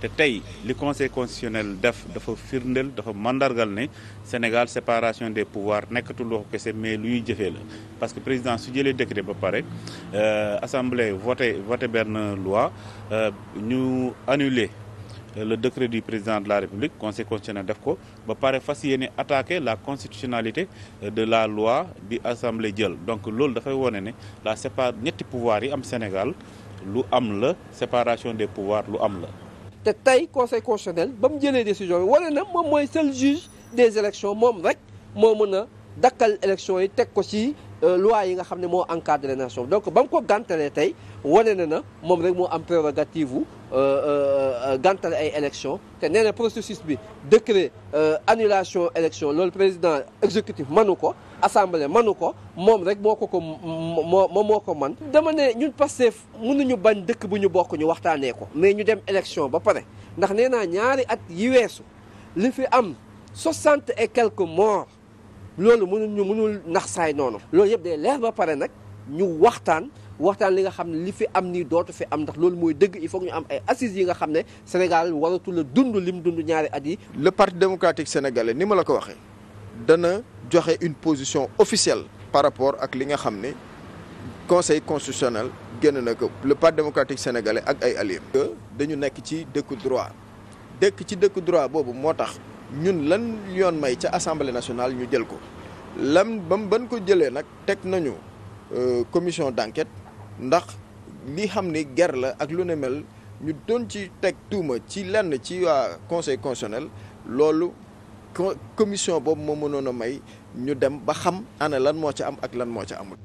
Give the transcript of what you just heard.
te tey li conseil constitutionnel def dafa firndeel dafa mandargal ne Sénégal séparation des pouvoir nekkatul wax kese mais ñuy jëfee la parce que président su jëlee décret ba pare euh, assemblée voté voté benn loi euh, ñu annuler euh, le décret du président de la République conseil constitutionnel def ko ba pare fas yéene attaquer la constitutionnalité de la loi bi assemblée jël donc loolu dafay wone ne la sépar ñetti pouvoir yi am Sénégal lu am la séparation des pouvoirs lu am la te tey conseil constitutionnel ba mu jëlee décision bi wane na moom mooy seul juge des élections moom rek moo mën a dakkal élections yi teg ko ci Euh, loi yi nga xam ne moo encadré nation donc ba mu ko gantalee tey wane na na moom rek moo am prérogative wu euh, euh, gantale ay élection te nee na processus bi décret annulation élection loolu président exécutif manu ko assemblée manu ko moom rek moo ko ko moo moom moo ko man dama ne ñun Pastef mënuñu bañ dëkk bu ñu bokk ñu waxtaanee ko mais ñu dem élection ba pare ndax nee naa ñaari at yi weesu li fi am soixante et quelques morts loolu mënul ñu mënul nax saay noonu loolu yëpp day leer ba pare nag ñu waxtaan waxtaan li nga xam ne li fi am ni dootu fi am ndax loolu mooy dëgg il faut ñu am ay assises yi nga xam ne Sénégal waratu la dund lim dund ñaari at yi. le parti démocratique ni ma la ko waxee dana joxe une position officielle par rapport ak li nga xam ne conseil constitutionnel génn na ko le parti démocratique sénégalais ak ay alliés. que dañu nekk ci dëkku droit dëkk ci dëkku droit boobu moo tax. ñun lan yoon may ca assemblée nationale ñu jël ko lan bam ban ko jëlee nag teg nañu euh, commission d'enquête ndax li xam ni ger la ak lu ne mel ñu doon ci teg tuuma ci lenn ci waa conseil constitutionnel loolu commission boobu moo mënoon a may ñu dem ba xam ana lan moo ca am ak lan moo ca amul.